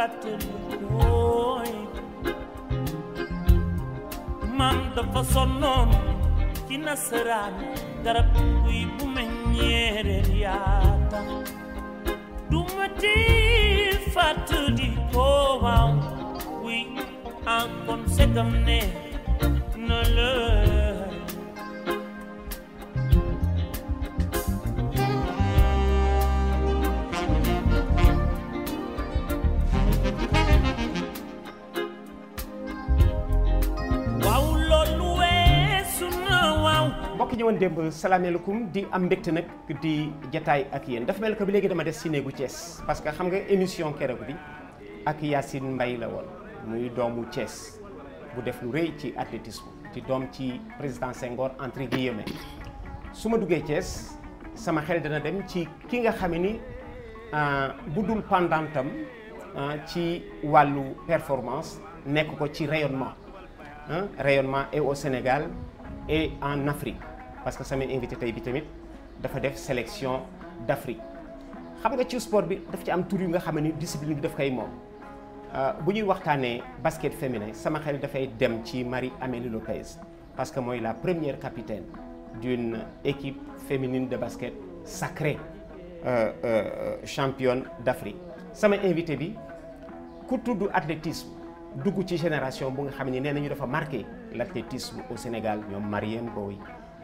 baat kenn mooy maam dafa sonnoon ci nasaraan garab guy bu meññeereen yaata du ma di di ko waaw oui en segam ne na la mbokk ñëwoon démb salaamaaleykum di am mbégte nag di jataay ak yéen dafa mel ko bi léegi dama def si néegu Thiès parce que xam nga émission keroog bi ak Yacine Mbaye la woon muy doomu Thiès bu def lu rëy ci athlétisme di doom ci président Senghor entre guillemets su ma duggee Thiès sama xel dana dem ci ki nga xam ni euh, bu dul pendantam euh, ci wàllu performance nekk ko ci rayonnement rayonnement et au Sénégal et en Afrique parce que sama invité tey bi tamit dafa def sélection d'Afrique xam nga ci sport bi daf ci am tur yu nga xam ni discipline bi daf kay moom euh, bu ñuy waxtaanee basket féminin sama xel dafay dem ci Marie-Amélie Lopez parce que mooy la première capitaine d'une équipe féminine de basket sacrée euh, euh, championne d'Afrique sama invité bi ku tudd athlétisme dugg ci génération bu nga xam ne nee nañu dafa marqué l'athlétisme au Sénégal ñoom Marième Boye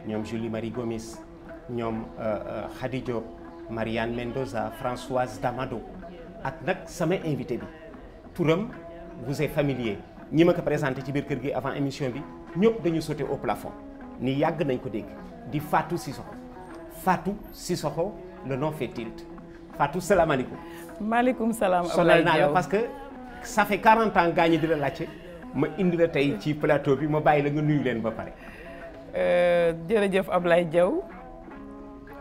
ñoom Julie Marie Gomis ñoom euh, euh, Khady Diop Marianne Mendoza Françoise Damado ak nag sama invité bi turam vous est familier ñi ma ko présenté ci biir kër gi avant émission bi ñëpp dañu sauté au plafond ni yàgg nañ ko dégg di Fatou si Fatou Cissokho si soxo fait tilt Fatou salaamaaleykum. maaleykum salaam sonal naa la parce que ça fait 40 ans gaañu di la laajte ma indi la tey ci plateau bi ma bàyyi la nga nuyu leen ba pare. Euh, jërëjëf Ablaye Diaw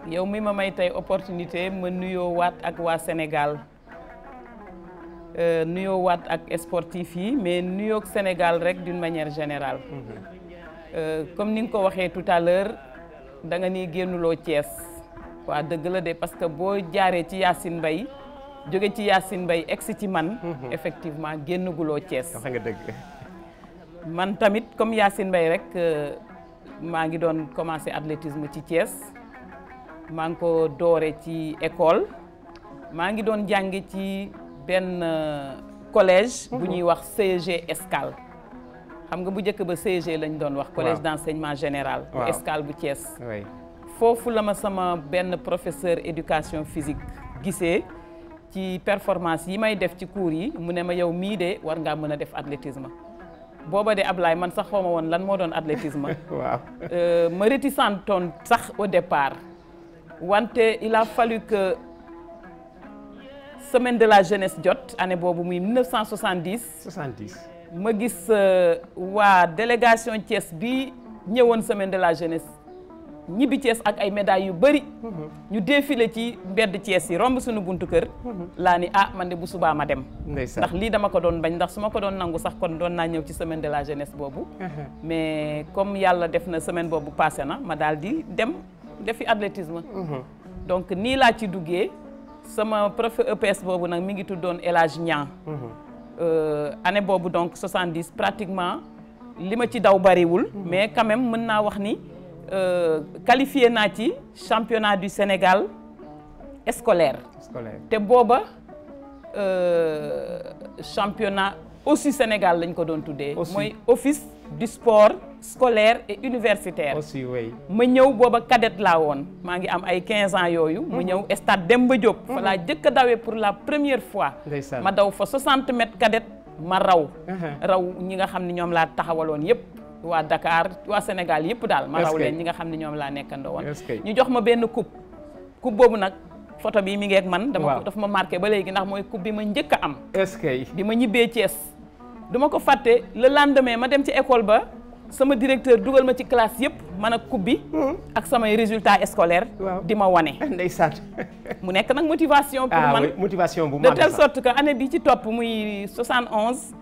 yow mi ma may tey opportunité ma nuyoo waat ak waa Sénégal euh, nuyoo waat ak sportif yi mais nuyook Sénégal rek d'une manière générale mhm. euh, comme ni nga ko waxee tout à l'heure da nga ni génnuloo cees waa dëgg la de parce que boo jaaree ci Yacine Mbaye jóge ci Yacine Mbaye egsi ci man mhm. effectivement génnaguloo Thiès wax man tamit comme Yacine Mbaye rek maa ngi doon commencé athlétisme ci Thiès maa ngi ko doore ci école maa ngi doon jànge ci benn euh, collège bu mhm. ñuy wax CG Escale xam nga bu njëkk ba CG lañ doon wax collège d'enseignement général bu Escale bu Thiès foofu la ma sama benn professeur éducation physique gisee ci performance yi may def ci cours yi mu ne ma yow mii de war ngaa mën a def athlétisme booba de Ablaye man sax xawma woon lan moo doon athlétisme. waaw euh, ma réticente woon sax au départ. wante il a fallu que semaine de la jeunesse jot année boobu muy 1970. 70. ma gis euh, waa délégation Thiès bi ñëwoon semaine de la jeunesse. ñibbi Thiès ak ay médailles yu bëri. Mhm. ñu défilé ci mbedd Thiès yi romb sunu buntu kër. Mhm. laa ni ah man de bu subaa ma dem. ndax lii dama ko doon bañ ndax su ma ko doon nangu sax kon doon naa ñëw ci semaine de la jeunesse boobu. Mhm. mais comme yàlla def na semaine boobu passé na ma daal di dem defi athlétisme. donc nii laa ci duggee sama prof EPS boobu nag mi ngi tuddoon El Hadj Niang. Euh, année boobu donc 70 pratiquement li ma ci daw bariwul. mais quand mën naa wax ni. Euh, qualifié naa ci championnat du Sénégal scolaire. scolaire te booba euh, championnat aussi Sénégal lañ ko doon tuddee. mooy office du sport scolaire et universitaire. aussi ma ñëw booba cadette laa woon maa ngi am ay quinze ans yooyu. mu mhm. ñëw stade Demba Diop. fa mhm. laa jëkk a dawee pour la première fois. ma daw fa 60 mètres cadette ma raw. Mhm. raw ñi nga xam ne ñoom laa taxawaloon yépp waa dakaar waa Sénégal yëpp daal ma raw leen ñi nga xam ne ñoom laa nekkandoo woon ñu jox ma benn coupe coupe boobu nag photo bii mi ngi man dama dafa ma marqué ba léegi ndax mooy coupe bi ma njëkk am est-ce bi ma ñibbee Thiès duma ko fàtte le lendemain ma dem ci école ba sama directeur dugal ma ci classe yëpp man ak coupe bi hmm. ak samay résultat scolaire di ma wane ndeysaan mu nekk nag motivation pour ah man motivation bu de telle sorte que année bi ci topp muy 71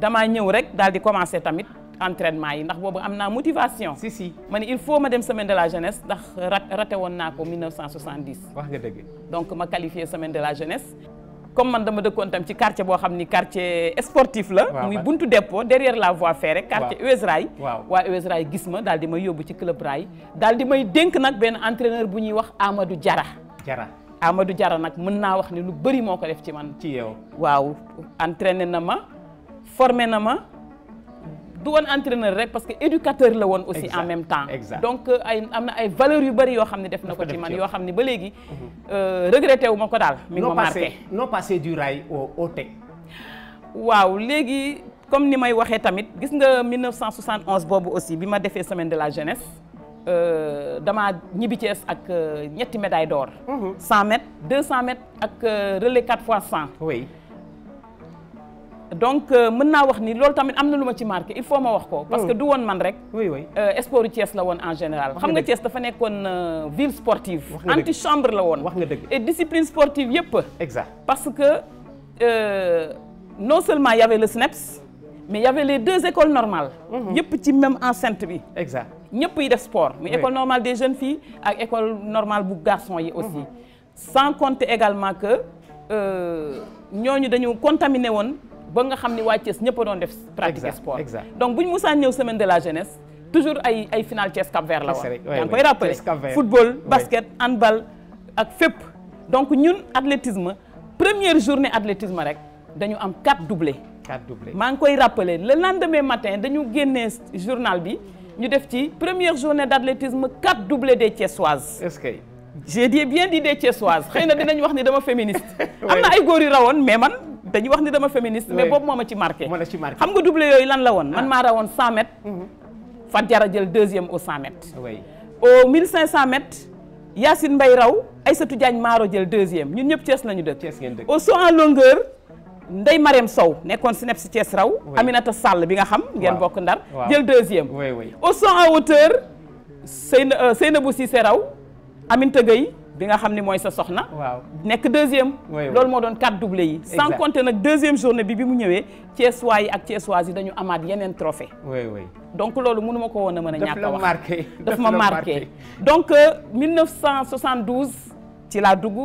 damaa ñëw rek daal di commencer tamit entraînement yi ndax boobu am naa motivation. si si ma il faut ma dem semaine de la jeunesse ndax raté woon naa ko 1970. wax nga dëgg. donc man dama dëkkoon tam ci quartier boo xam ni quartier sportif la. muy buntu dépôt derrière waaw waa gis ma daal di may yóbbu ci club Rail. daal di may dénk nag benn entraîneur bu ñuy wax Amadou Diarra. Diarra Amadou Diarra nag mën naa wax ni lu bëri moo ko def ci man. ci yow na ma formé na ma. du woon entraîneur rek parce que éducateur la woon aussi en même temps donc euh, ay am na ay valeurs yu bëri yoo xam ne def na ko ci man yoo xam ne ba léegi mhm. euh, regretté wu ma ko daal mi ngi ma marqué non passé du rail au au waaw léegi comme ni may waxee tamit gis nga 1971 boobu aussi bi ma defee semaine de la jeunesse euh, damaa ñibbi Thiès ak ñetti médaille d'or 100 mhm. mètres 200 mètres ak relais 4 fois cent oui donc euh, mën naa wax ni loolu tamit am na lu ma ci marqué il faut ma wax ko. parce que hmm. du woon man rek. oui oui euh, sport Thiès la woon en général. xam nga Thiès dafa nekkoon euh, ville sportive. anti chambre la woon. wax nga dëgg et discipline sportive yëpp. exact parce que euh, non seulement y avait le SNEPS e mais y avait les deux écoles normales. Hmm. yëpp ci même enceinte bi. exact ñëpp yi def sport. muy école normale des jeunes filles ak école normale bu garçon yi aussi. Hmm. sans compter également que ñooñu dañu contaminé woon. ba nga xam ni waa Thiès ñëpp doon def pratique sport donc bu ñu musaan ñëw semaine de la jeunesse toujours ay ay final Thiès Cap Vert la woon yaa ngi koy rappelé football ak fépp donc ñun athlétisme première journée athlétisme rek dañu am quatre doublés quatre doublés maa ngi koy rappelé le lendemain matin dañu génne journal bi ñu def ci première journée d' athlétisme quatre doublés des Thiessoises. est-ce que. j'ai bien dit des Thiessoises xëy na dinañ wax ni dama féministe. am na ay góor yu rawoon mais man. te ñu wax ni dama féministe mais boobu moo ma ci marqué xam nga double yooyu lan la woon man ah. maa rawoon 100 mètres mhm. Fat Diarra jël deuxième au 100 mètres au 1500 mètres Yacine mbay raw ay Aïssatou Diagne Maro jël deuxième ñun ñëpp Thiès lañu dëkk au saut en longueur Ndey Mariam Sow nekkoon si Snep si Thiès raw Aminata Sall bi nga xam ngeen bokk ndar jël deuxième au saut en hauteur Seyna euh, Seynabou Cissé raw Aminta Gueye bi nga xam ne mooy sa soxna. waaw nekk deuxième. loolu moo doon quatre doublés yi. sans compter nag deuxième journée bi bi mu ñëwee. Thiessois yi ak Thiessoises yi dañu amaat yeneen trophée donc loolu mënu ko woon a mën a. ñàkk a wax daf ma marqué donc 1972 euh, ci laa dugg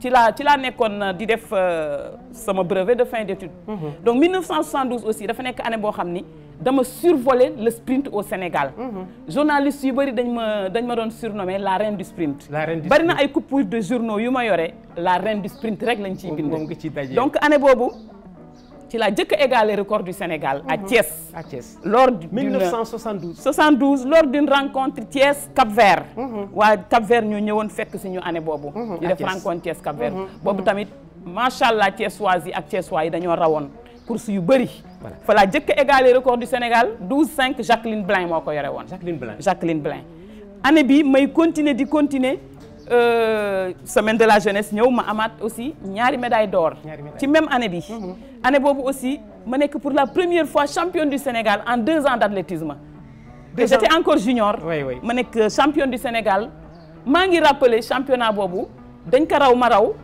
ci laa ci laa nekkoon euh, di def euh, sama brevet de fin d'études. Mm-hmm. donc aussi dafa nekk année boo xam ni. dama survoler le sprint au Sénégal. Mhm. journaliste yu bëri dañ ma dañ ma doon surnommer la reine du sprint. la reine du na ay coupures de journaux yu ma yore la reine du sprint rek lañ ciy bind. donc année boobu. ci laa jëkk a égalé record du Sénégal. à mhm. Thiès à Thiès. lors d' une 1972. 72 lors d' une rencontre Thiès Cap Vert. Mhm. waa Cap Vert ñu ñëwoon fekk si ñu année boobu. ñu def rencontre Thiès Cap Vert. boobu tamit macha allah Thiès waa ak Thiès waa dañoo rawoon. course yu bëri. voilà fa laa jëkk a égalé record du Sénégal 12-5 Jacqueline Blain moo ko yore woon. Jacqueline Blain Jacqueline Blain. année bi may continuer di continuer euh, semaine de la jeunesse ñëw ma amaat aussi ñaari médaille d'or ci même année bi. Mhm. année boobu aussi ma nekk pour la première fois championne du Sénégal en deux ans d'athlétisme. te j'étais encore junior. oui oui ma nekk championne du Sénégal maa ngi rappeler championnat boobu dañ ko raw ma raw.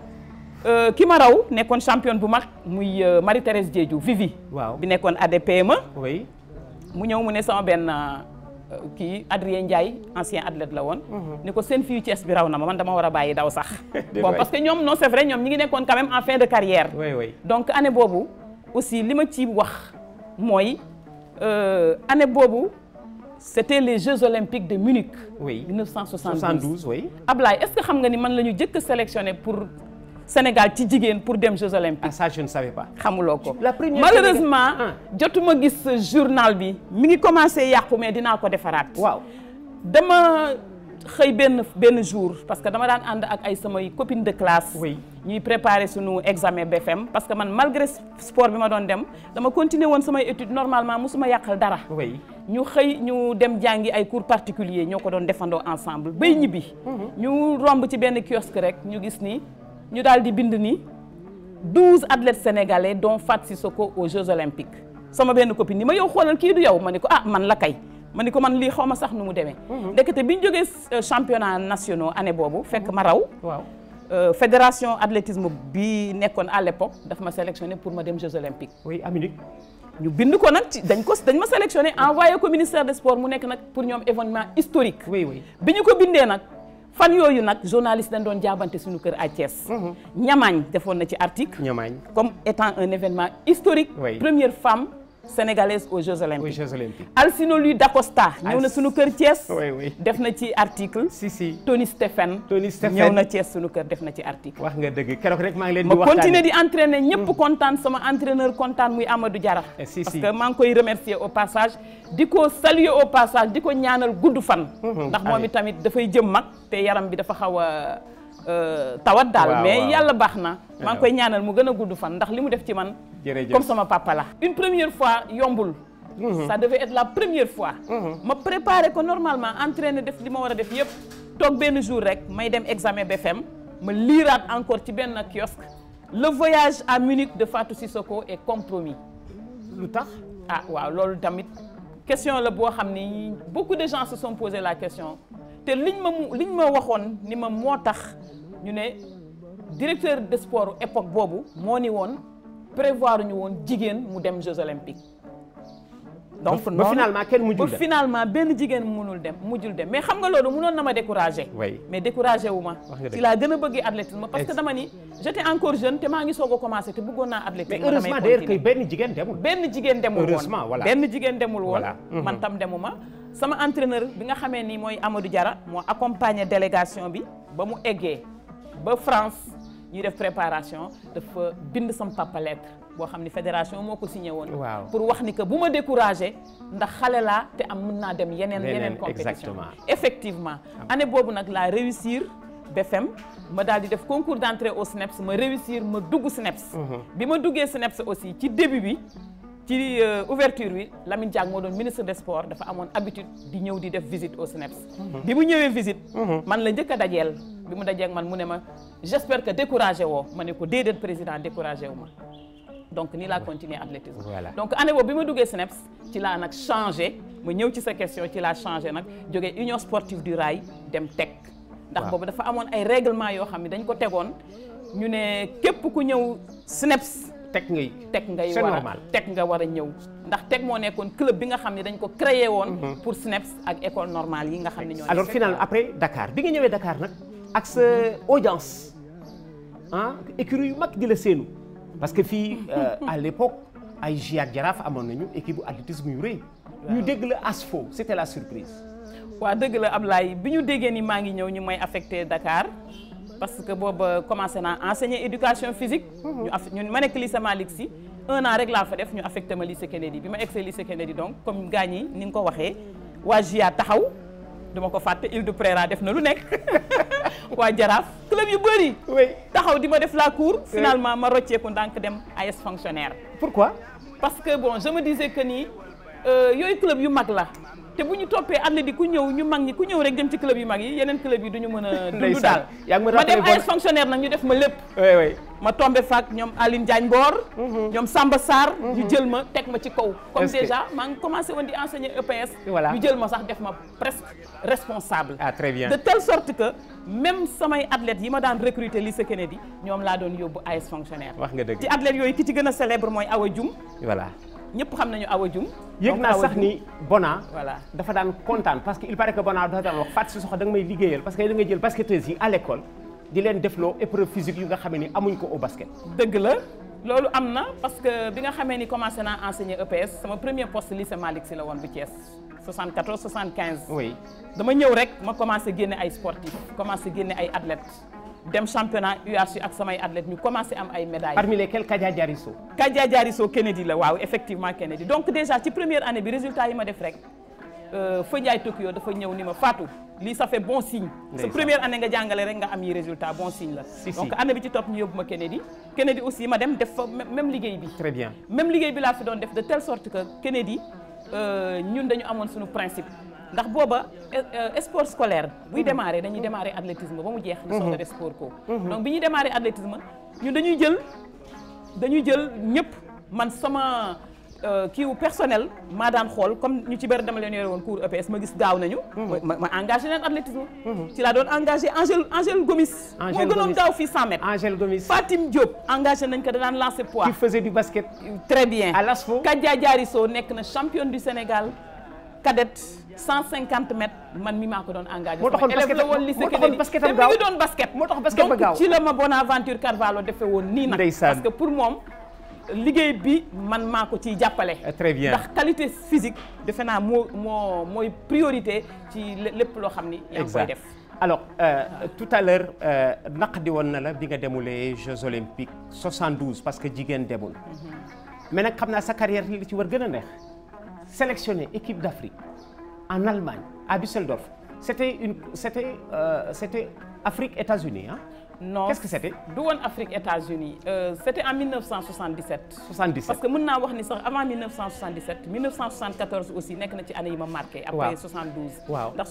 Euh, ki ma raw nekkoon championne bu mag muy euh, Marie Thérèse Diédhiou Vivi. waaw bi nekkoon ADPME. oui mu ñëw mu ne sama benn euh, kii Adrien Ndiaye ancien athlète la woon. Mhm. ni ko seen fii Thiès bi raw na ma man dama war a bàyyi daw sax. bon parce que ñoom non c'est vrai ñoom ñi ngi nekkoon quand même en fin de carrière. donc année boobu aussi li ma ci wax mooy année boobu. c'était les Jeux olympiques de Munich. oui 1972 1972 oui. est que xam nga ni man la jëkk sélectionné pour Sénégal ci jigéen pour dem Jeux ah, Olympiques. ah ça je ne xamuloo ko la première malheureusement ah. jotuma gis journal bi mi ngi commencé yàqu mais dinaa ko defaraat. waaw dama xëy benn benn jour parce que dama daan ànd ak ay samay copines de classe. oui ñuy préparer sunu examen BFM parce que man malgré sport bi ma doon dem dama continuer woon samay étude normalement su ma yàqal dara. oui ñu xëy ñu dem jàngi ay cours particulier ñoo ko doon defandoo ensemble bay ñibbi. Mhm. ñu romb ci benn kiosque rek ñu gis ni. ñu daal di bind ni douze athlètes sénégalais dont Fatou Sissoko aux Jeux olympiques sama benn copine ni ma yow xoolal kii du yow ma ni ko ah man la kay ma ni ko man lii xaw ma sax nu mu demee. Mhm. ndekete bi ñu jogee euh, championnat nationaux année boobu fekk ma raw. waaw euh, fédération athlétisme bi nekkoon à l'époque daf ma sélectionné pour ma dem Jeux olympiques. oui Aminique. ñu bind ko nag ci dañ ko dañ ma sélectionné envoyé ko ministère des sports mu nekk nag pour ñoom événement historique. bi ñu ko bindee nag. fan yooyu nag journaliste dañ doon jaabante suñu kër à Thiès. Mhm. ñamaañ defoon na ci article. ñamaañ comme étant un événement historique. Oui. première femme. sénégalaise aux Jeux Olympiques. aux Jeux Olympiques. Alcino Lui Dacosta. ñëw na sunu kër Thiès. oui oui def na ci article. si si Tony Stephen. Tony Stephen ñëw na Thiès sunu kër def na ci article. wax nga dëgg keroog rek maa ngi leen di. waxtaanee ma continuer di entraîner ñëpp mm. kontaan sama entraîneur kontaan muy Amadou Diarra. si eh, si parce que maa ngi koy remercier au passage. di ko saluer au passage di ko ñaanal gudd fan. Mm-hmm. ndax moom itamit dafay jëm mag te yaram bi dafa xaw a. Euh, tawat daal mais yàlla baax na maa ngi koy ñaanal mu gën a gudd fan ndax li mu def ci man comme sama papa la une première fois yombul mhm. ça devait être la première fois mhm. ma préparé ko normalement entraîné def li ma war a def yëpp toog benn jour rek may dem examen BFM ma liiraat encore ci benn kiosque le voyage à Munich de Fatou Sissoko est compromis lu tax ah waaw loolu tamit question la boo xam ni beaucoup de gens se sont posé la question te liñ ma moo tax ñu ne directeur de sport époque boobu moo ni woon prévoir ñu woon jigéen mu dem Jeux olympiques. donc ba finalement kenn mujjul dem ba finalement benn jigéen mënul dem mu mujjul dem mais xam nga loolu mënoon na ma découragé. mais découragé wu ma. ci laa gën a bëgg athlétisme parce que dama ni. j' étais encore jeune te maa ngi soog a commencé te bëggoon naa athlétisme. benn jigéen demul. benn jigéen demul woon heureusement voilà benn jigéen demul mhm. man tam demu ma. sama entraîneur bi nga xamee ni mooy Amadou Diarra moo accompagné délégation bi ba mu eggee. ba France ñuy def préparation dafa bind sam papa lettre boo xam ni fédération moo ko signé woon. pour wax ni que bu ma découragé ndax xale laa te am mun naa dem yeneen. yeneen compétition effectivement. Ah année boobu nag laa réussir BFM ma daal di def concours d' entrée au SNEPS e ma réussir ma dugg SNEPS. E mhm. bi ma duggee SNEPS e aussi ci début bi. ci euh, ouverture bi Lamine Diack moo doon ministre des sports dafa amoon habitude di ñëw di def visite au CNEPS mhm. bi mu ñëwee visite mhm. man la njëkk a dajeel bi mu dajee man mu ne ma j'espère que découragé woo ma ne ko déedéet président découragé wu ma donc nii laa continuer athlétisme voilà. donc année boobu bi ma duggee CNEPS ci laa nag changé ma ñëw ci sa question ci laa changé nag jógee union sportive du rail dem TEC ndax boobu dafa amoon ay réglement yoo xam ne dañ ko tegoon ñu ne képp ku ñëw CNEPS teg ngay mm-hmm. teg ngay war a teg nga war a ñëw ndax teg moo nekkoon club bi nga xam ne dañ ko créé woon mm-hmm. pour SNEPS ak école normale yi nga xam ne ñoo alors finalement après Dakar bi nga ñëwee Dakar nag ak sa mm-hmm. audience ah écurie yu mag di la seenu parce que fii euh, à l'époque ay Giac Jaraaf amoon nañu équipe bu athlétisme yu rëy ñu dégg la ASFO c'était la surprise waaw dëgg la Ablaye bi ñu déggee ni maa ngi ñëw ñu may affecté Dakar parce que boobu euh, commencé naa enseigner éducation physique. ñu af ñun ma nekk lycée Malick Sy un an rek fa def ñu affecté ma lycée Kennedy bi ma egsee lycée Kennedy donc comme gaañ yi ni nga ko waxee waa JIA taxaw duma ko fàtte Île de Prera def na lu nekk waa Jaraaf club yu bëri. taxaw di ma def la cour. finalement ma rocceeku ndànk dem a AS fonctionnaire. pourquoi. parce que bon je me disais que nii euh, yooyu club yu mag la. te bu ñu toppee am na di ku ñëw ñu mag ñi ku ñëw rek dem ci club yi mag yi yeneen club yi duñu mën a dund daal ma dem ay fonctionnaire nag ñu def ma lépp ma tombé faak ñoom Aline Diagne Mboor mhm. ñoom Samba saar mhm. ñu jël ma teg ma ci kaw comme déjà maa ngi commencé woon di enseigner EPS voilà ñu jël ma sax def ma presque responsable ah très bien de telle sorte que même samay athlètes yi ma daan li lycée Kennedy ñoom laa doon yóbbu AS fonctionnaire wax nga dëgg ci athlètes yooyu ki ci gën a célèbre mooy Awa Dioum voilà ñëpp xam nañu Awa Dioum yëg naa sax ni Bona voilà dafa daan kontaan parce que il paraît que Bona dafa daan wax Fatou Cissokho da nga may liggéeyal parce que da nga jël basketteuses yi à l'école di leen defloo épreuve physique yu nga xamee ni amuñ ko au basket dëgg la loolu am na parce que bi nga xamee ni commencé naa enseigner EPS sama premier poste lycée Malick Sy la woon bu Thiès 74 75 oui dama ñëw rek ma commencé génne ay sportifs commencé génne ay athlètes dem championnat UHC ak samay athlètes ñu commencé am ay médailles. parmi lesquelles Kadia Diarisso. Kadia Diarisso Kennedy la waaw effectivement Kennedy donc déjà ci première année bi résultat yi ma def rek euh, Feu Ndiaye Tokyo dafa ñëw ni ma Fatou lii sa fait bon signe. sa première année nga jàngale rek nga am yi résultat bon signe la. Si, donc année bi ci topp ñu yóbbu ma Kennedy. Kennedy aussi ma dem def fa même liggéey bi. très bien même liggéey bi laa fi doon def de telle sorte que Kennedy euh, ñun dañu amoon suñu principe. ndax booba euh, sport scolaire buy démarrer dañuy démarrer athlétisme ba mu jeex ñu soog a def sport co mhm. mhm. donc bi ñuy démarrer ñu dañuy jël dañuy jël ñëpp man sama euh, kiiw personnel maa daan xool comme ñu ci bëri dama leen yore woon e gis gaaw nañu mhm. ma engagé leen athlétisme ci laa doon engagé Angèle Angèle Gomis moo gënoon gaaw fii 100 Fatim Diop engagé nañ ko daan lancé poids qui faisait du bien à l'ASFO Kadia nekk na championne du Sénégal cadette 150 mètres man mi maa ko doon engagé. moo taxoon basket la woon lycée te mi ngi doon basket. moo tax basket ba gaaw donc ci la ma Bonaventure Carvalho defee woon nii nag. parce que pour moom liggéey bi man maa ko ciy jàppale. Eh, très bien ndax qualité physique defe naa moo moo mooy priorité ci lépp loo xam ni. yaa ngi def alors euh, tout à l'heure euh, naq di woon na la bi nga demulee Jeux olympiques 72 parce que jigéen demul. Mhm. mais nag xam naa sa carrière la ci war gën a neex. sélectionné équipe d'Afrique en Allemagne à Düsseldorf c'était une c'était euh, c'était Afrique États-Unis ah. non qu'est-ce que c'était du woon Afrique États-Unis euh, c'était en parce que mën naa wax ni sax avant aussi nekk na ci année yi marqué. après ndax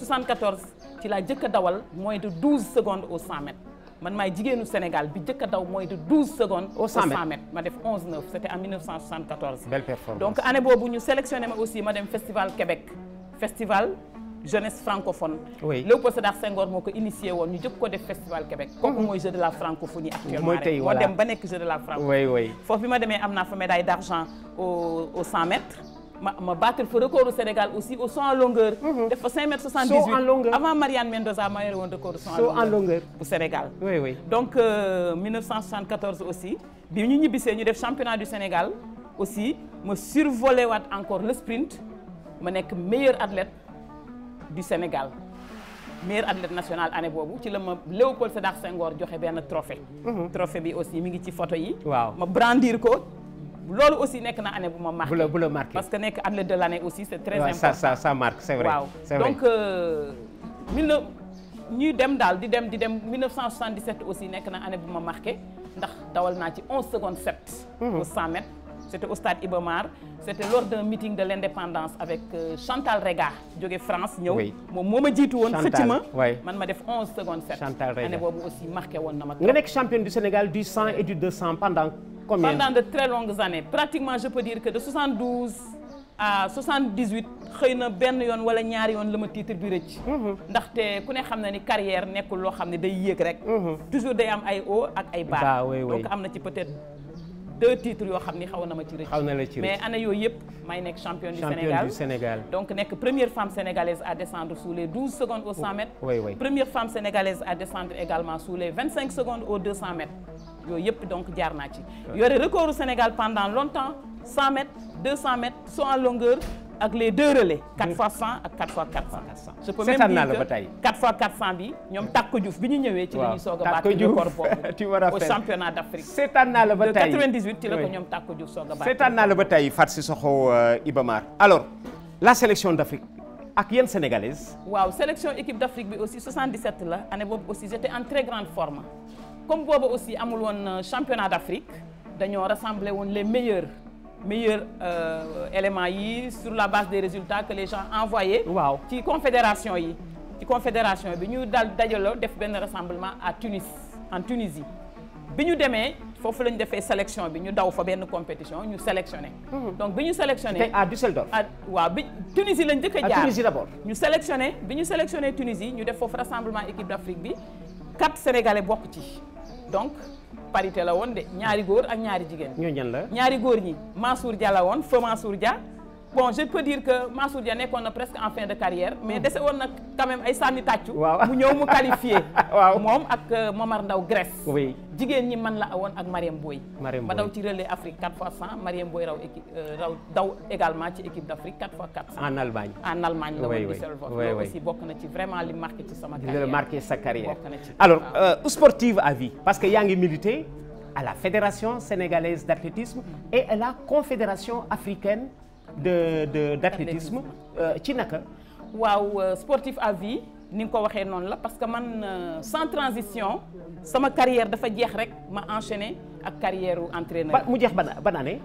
ci laa jëkk a dawal moins de 12 secondes au 100 mètres. man maay jigéenu Sénégal bi njëkk a daw mooy de 12 secondes. au 100 mètres ma def 11 9 c'était en 1974. belle performance donc année boobu ñu sélectionné ma aussi ma dem festival Québec festival. jeunesse francophone. oui Léopold Sédar Senghor moo ko initié woon ñu jëkk ko def festival Québec. Mm-hmm. kooku mooy jeu de la francophonie actuellement mooy tey voilà moo dem ba nekk jeu de la francophonie. oui oui foofu bi ma demee am naa fa médaille d'argent au mètres. ma ma battre fa record du Sénégal aussi au saut en longueur. Mhm. def fa 5 mètres 78 en longueur avant Marianne Mendoza ma yore woon record du en longueur bu Sénégal. donc euh, bi ñu ñibbisee ñu def championnat du Sénégal aussi ma survolé waat encore le sprint ma nekk meilleur athlète du Sénégal meilleur athlète national année boobu ci la ma Léopold Sédar Senghor joxe benn trophée. Mhm. trophée bi aussi mi ngi ci photo yi. ma brandir ko. loolu aussi nekk na anne bu ma marqué. bu la bu la marqué parce que nekk athlète de l' aussi c' est très important. ça ça donc euh, mille neuf ñuy dem daal di dem di dem 1977 aussi nekk na année bu ma marqué ndax dawal naa ci 11 secondes 7. pour 100 mètres c' était au stade Iba Mar c' était lors d' un meeting de l' indépendance avec euh, Chantal Rega jóge France ñëw. moom moo ma jiitu woon. Chantal xëcc ma man ma def 11 secondes 7. Chantal Rega année boobu aussi marqué woon na ma. nga nekk championne du Sénégal du 100 et combien pendant de très longues années pratiquement je peux dire que de 72 à 78 xëy na benn yoon wala ñaari yoon la ma tiitre bi rëcc. Mhm. ndaxte ku ne xam na ni carrière nekkul loo xam ne day yéeg rek. Mhm. toujours day am ay hauts ak ay bas. Ah, donc am na ci peut-être. deux titres yoo xam ni xaw na ma ci rëcc. xaw na la ci rëcc mais année yooyu yëpp may nekk championne du Sénégal championne du Sénégal. donc nekk première femme sénégalaise à descendre sous douze secondes aux cent mètres. vingt cinq secondes aux deux yooyu yëpp donc jaar naa ci. yore recordu Sénégal pendant longtemps 100 mètres 200 mètres saut en longueur ak les deux relais. 4 fois 100 ak 4 fois 400. 400 je peux même dire que 4 fois 400 bi ñoom Takko a battre record boobu au championnat d'Afrique. seetaan naa la ba tey ci la ko ñoom Takko Diouf soog a seetaan naa la ba tey Fatou Cissokho euh, Ibamar alors la sélection d'Afrique. ak yéen sénégalaise. waaw sélection équipe d'Afrique bi aussi 77 la année boobu aussi j'étais en très grande forme. comme boobu aussi amul woon euh, championnat d'Afrique dañoo rassembler woon les meilleurs meilleurs euh, éléments yi sur la base des résultats que les gens envoyaient. waaw ci confédération yi. ci confédération bi ñu dal dajaloo def benn rassemblement à Tunis en Tunisie bi ñu demee foofu la ñu defee sélection bi ñu daw fa benn compétition ñu sélectionné. Mhm. donc bi ñu sélectionné. tey à Düsseldorf. à waaw bi Tunisie lañ njëkk a jaar à ñu sélectionné bi ñu sélectionné Tunisie ñu def foofu rassemblement équipe d'Afrique bi quatre Sénégalais bokk ci. donc parité la woon de ñaari góor ak ñaari jigéen. ñoo ñan la ñaari góor ñi Mansour Dia la woon feu Mansour Dia. bon je peux dire que Mansour Dia nekkoon na presque en fin de carrière mais hmm. dese woon na ay sànni tàccu mu ñëw mu qualifié waaw ak euh, Momar Ndaw Grèce jigéen ñi man la awoon ak Mariam Boye ci relais Afrique 4 euh, raw daw également ci équipe d'Afrique en Allemagne en Allemagne la woon Usain Bolt loolu aussi bokk na ci vraiment li marqué ci sama carrière marqué sa carrière alors euh, sportive à vie parce que yaa ngi milité à la Fédération sénégalaise d'athlétisme hmm. et à la Confédération de de d'athlétisme euh, ci naka. waaw euh, sportif à vie ni nga ko waxee noonu la parce que man euh, sans transition sama carrière dafa jeex rek ma enchaîner. ak carrière entraîneur mu jeex ban ban année.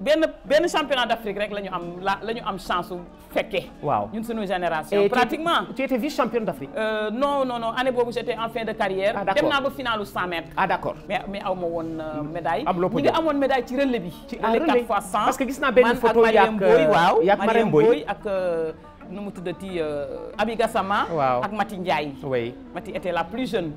benn benn championnat d'Afrique rek la am la ñu am chance su fekkee. waaw ñun suñu génération. pratiquement tu étais vice championne d'Afrique. Euh, non non non année boobu j'étais en fin de carrière. ah d'accord dem naa ba finalu 100 ah, d'accord mais aw ma woon euh, hmm. médaille. am lopin ñi nga médaille ci relais bi. ci relais 4 fois 100 parce que gis naa benn photo. yaa euh, ak nu mu tuddati ti euh, Gassama. waaw ak Mati Ndiaye. oui Mati était la plus jeune.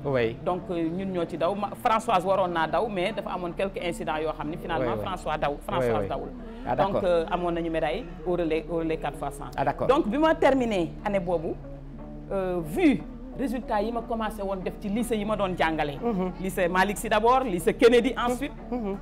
donc euh, ñun ñoo ci daw Françoise waroon naa daw mais dafa amoon quelques incident yoo xam ne. finalement François daw Françoise dawul. ah donc euh, amoon nañu médaille au relais au relais 4 fois 100. Ah, donc bi ma terminé année boobu vu. résultat yi ma commencé woon def ci lycée yi ma doon jàngale mhm. lycée Malick Sy d'abord lycée Kennedy mhm. ensuite mhm.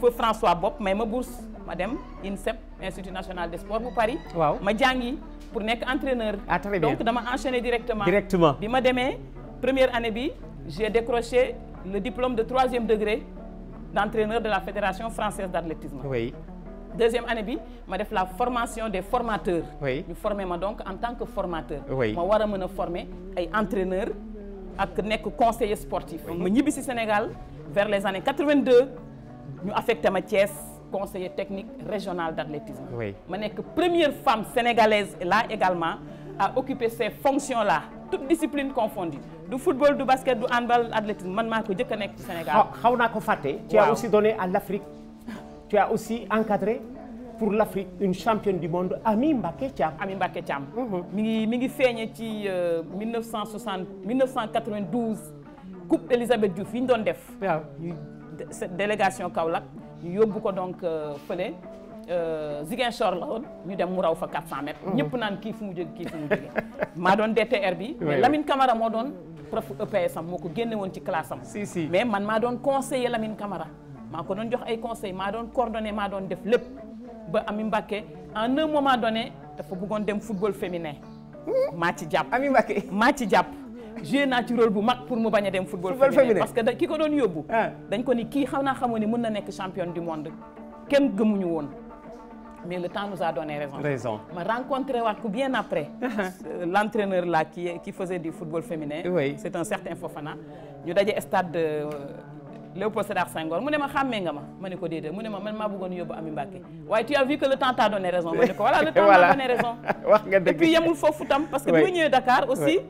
feu François Bopp may ma bourse ma dem INSEP institut national des sports bu Paris. waaw ma jàngi pour nekk entraîneur. ah très bien donc dama enchaîner directement. directement bi ma demee première année bi j'ai décroché le diplôme de troisième degré d'entraîneur de la fédération française d'athlétisme. oui. deuxième année bi ma def la formation des formateurs. oui ñu ma donc en tant que formateur. oui ma war a mën a former ay entraîneurs ak nekk conseiller sportif. ma ñibbi si Sénégal vers les années 82 ñu ma Thiès. conseil technique régional d'athlétisme. ma nekk première femme sénégalaise là également à occuper ces fonctions là toutes disciplines confondues du football du basket du handball athlétisme man maa ko jëkk nekk ci Sénégal. Ah, xaw naa ko fàtte. tu as aussi donné à l'Afrique tu as aussi encadré. pour l'Afrique une championne du monde Ami Mbacké Thiam. Ami Mbacké Thiam. Mhm. mi ngi mi ngi feeñe ci 1960 euh, 1992 coupe Elisabeth Diouf yi ñu doon def. waaw délégation Kaolack. yóbbu ko donc euh, fële euh, Ziguinchor la woon ñu dem mu raw fa 400 mètres. Mm. naan kii fu mu jóge kii fu maa doon DTR bi. mais Lamine Camara moo doon prof EPS am moo ko génne woon ci classe am. si mais man maa doon conseiller Lamine Camara. maa ko doon jox ay conseil maa doon coordonné maa doon def lépp ba Ami Mbacké en un moment donné dafa bëggoon dem football féminin. Hmm? maa ci jàpp Ami Mbacké maa ci jàpp. joué naa bu mag pour mu bañ a dem football féminin parce que ki ko doon yóbbu ah. dañ ko ni kii xam naa xamoon ni na nekk championne du monde kenn gëmuñu woon mais le temps nous a donné raison. ma rencontré waat bien après. Ah ah. euh, l' entraîneur là qui qui football féminin. oui un certain Fofana. ñu daje stade euh, Léopold Sédar Senghor mu ne ma xàmmee nga ma ma ne ko déedéet mu ne ma man maa bëggoon yóbbu Ami Mbacké waaye tu as vu que le temps t'a donné raison ma ne ko voilà le raison wax nga dëgg et puis foofu tam parce que bi ma ñëwee Dakar aussi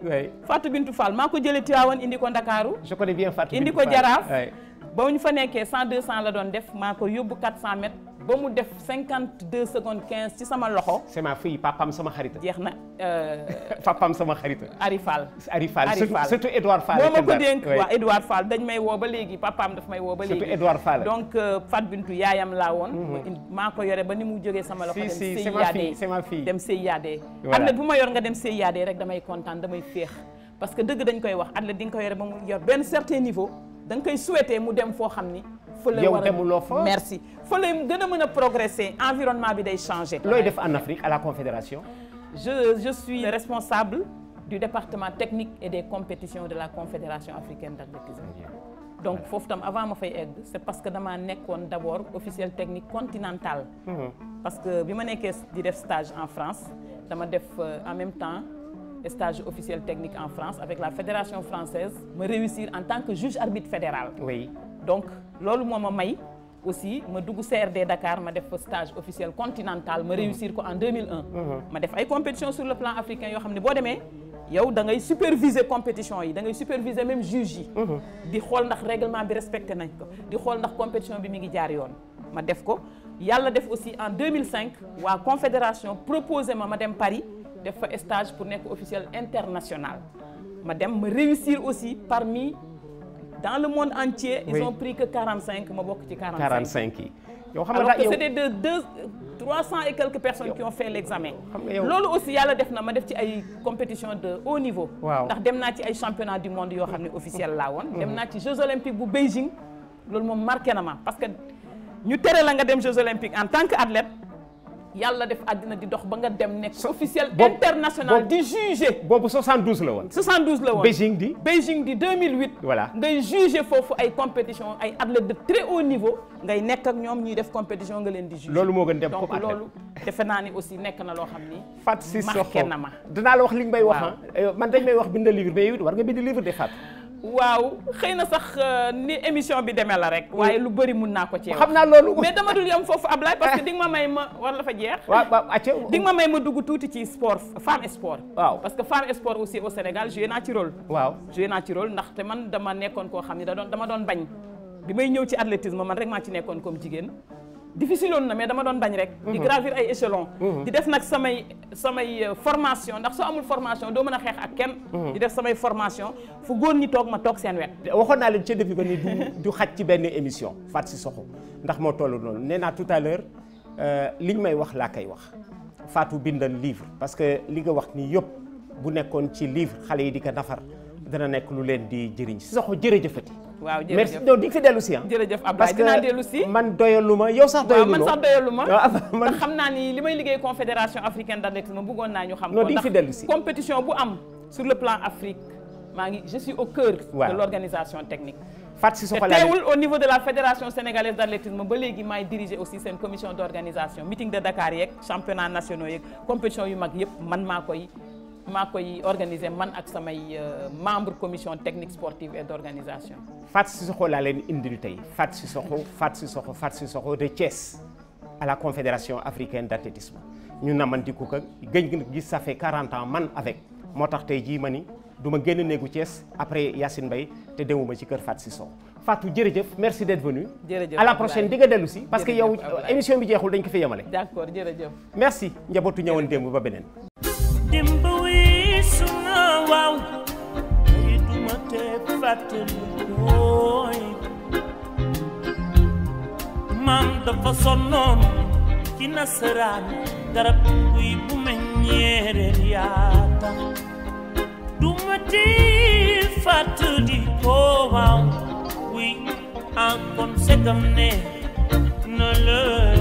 Fatou Bintou Fall maa ko jëlee Tivaouane indi ko Ndakaaru je connais bien Fatou indi ko Jaraaf ba ñu fa nekkee 100 200 la doon def maa ko yóbbu 400 mètres ba mu def cinquante deux secondes quinze ci sama loxo. c'est ma fille papam sama xarita. jeex na. Euh, papam sama xarita. Ari Fall. Ari Fall surtout Edouard Fall. moo ma ko dénk waaw Edouard Fall dañ may woo ba léegi papam daf may woo ba léegi. surtout Edouard Fall. donc euh, Fat Bintou yaayam laa woon. Mhm. maa ko yore ba ni mu jógee sama loxo. dem CIAD c'est ma fille dem CIAD. voilà am bu ma yor nga dem CIAD rek damay kontaan damay féex. parce que dëgg dañ koy wax athlète di nga ko yore ba mu yor benn certain niveau danga koy souhaiter mu dem foo xam ni. fa la war a demuloo fa merci fa lay a mën a progresser environnement bi day changer. looy def en Afrique a la Confédération. je je suis responsable du département technique et des compétitions de la Confédération africaine d'athlétisme donc foofu tam avant ma fay egg c'est parce que dama nekkoon d'abord officiel technique continental mhm. parce que bi ma nekkee di def stage en France dama def euh, en même temps stage officiel technique en France avec la Fédération française ma réussir en tant que juge arbitre fédéral loolu moo ma may aussi ma dugg CRD Dakar ma def fa stage officiel continental ma réussir ko en 2001. Mhm. ma def ay compétition sur le plan africain yoo xam ne boo demee yow da ngay compétition yi dangay ngay superviser même juge yi. Mhm. di xool ndax règlement bi respecté nañ ko di xool ndax compétition bi mu ngi jaar yoon ma def ko. yàlla def aussi en 2005 waa confédération proposé ma ma dem Paris def fa stage pour nekk officiel international ma dem ma réussir dans le monde entier. ils ont pris que 45 ma bokk ci 45. 45 yi yow xam nga alors que qui ont fait l'examen. loolu aussi yàlla def na ma def ci ay compétition de haut niveau. waaw ndax dem naa ci ay championnat du monde yoo xam ne officiel laa woon. Mhm. dem na ci Jeux olympiques bu Beijing loolu moom marqué na ma parce que ñu tere la nga dem Jeux olympiques en tant que athlète. yàlla def addina di dox ba nga dem nekk officiel international di jugé boobu 72 la woon 72 la woon Beijing di Beijing di 2008 voilà ngay jugé foofu ay compétition ay athlètes de très haut niveau ngay nekk ak ñoom ñuy def compétition nga leen di jugé loolu moo gën dem donc loolu defe naa ni aussi nekk na loo xam ni fat si marqué na ma dinaa la wax li ñu may wax man dañ wax bind livre mais war nga bind livre de fat waaw xëy na sax euh, ni émission bi demee la rek. waaye lu bëri mun naa ko ci yow. xam naa loolu mais dama dul yem foofu Ablaye parce que di ma may ma war la fa jeex. waaw waaw di ma may ma dugg tuuti ci sport femme sport. waaw parce que femme sport aussi au Sénégal joué naa ci rôle. waaw joué naa ci rôle ndaxte man dama nekkoon koo xam ni da dama doon bañ. bi may ñëw ci athlétisme man rek maa ci nekkoon comme jigéen difficile woon na mais dama doon bañ rek. di mhm. gravir ay échelons. Mhm. di des nag samay samay euh, formation ndax soo amul formation doo mën a xeex ak kenn. Mhm. di def samay formation fu góor ñi toog ma toog seen wet. waxoon naa leen ca début ba ni du du ci benn émission Fatou Cissokho ndax moo toll noonu nee naa tout à euh, li ñu may wax laa koy wax Fatou bindal livre parce que li nga wax nii yëpp bu nekkoon ci livre xale yi di ko nafar. dana nekk lu leen di jëriñ si jërëjëf jërëjëfati waaw jërëjëf merci donc di nga fi dellu si ah. jërëjëf Ablaye dinaa dellu si parce que man doyaluma yow sax doyaluma lu ma doyaluma. man xam naa ni li may liggéey confédération africaine d'athlétisme bëggoon naa ñu xam ko. non di nga fi dellu si compétition bu am sur le plan Afrique maa ngi je suis au cœur. de l'organisation technique. Fatou Cissokho te teewul au niveau de la fédération sénégalaise d'athlétisme ba léegi maay diriger aussi seen commission d'organisation meeting de Dakar yeeg championnat nationaux yeeg compétition yu yëpp man maa koy. maa koy organiser man ak samay euh, membre commission technique sportive et d'organisation. Fatou Cissokho laa leen indil tey Fatou Cissokho Fatou Cissokho Fatou Cissokho de Thiès à la Confédération africaine d'athlétisme ñu namandiku ko gëj gis ça fait 40 ans man avec moo tax tey jii ma ni du ma génn néegu Thiès après Yacine Mbaye te demuma ci kër Fatou Cissokho Fatou jërëjëf merci d'être venu. jërëjëf à la prochaine di nga dellu si. parce que yow émission bi jeexul dañ ko fi yemale. d'accord jërëjëf. merci njabootu ñëwoon démb ba beneen. maam dafa sonnoon ci nasaraan garab guy bu meññeereen yaata du ma di fàtte di ko waaw segam ne na la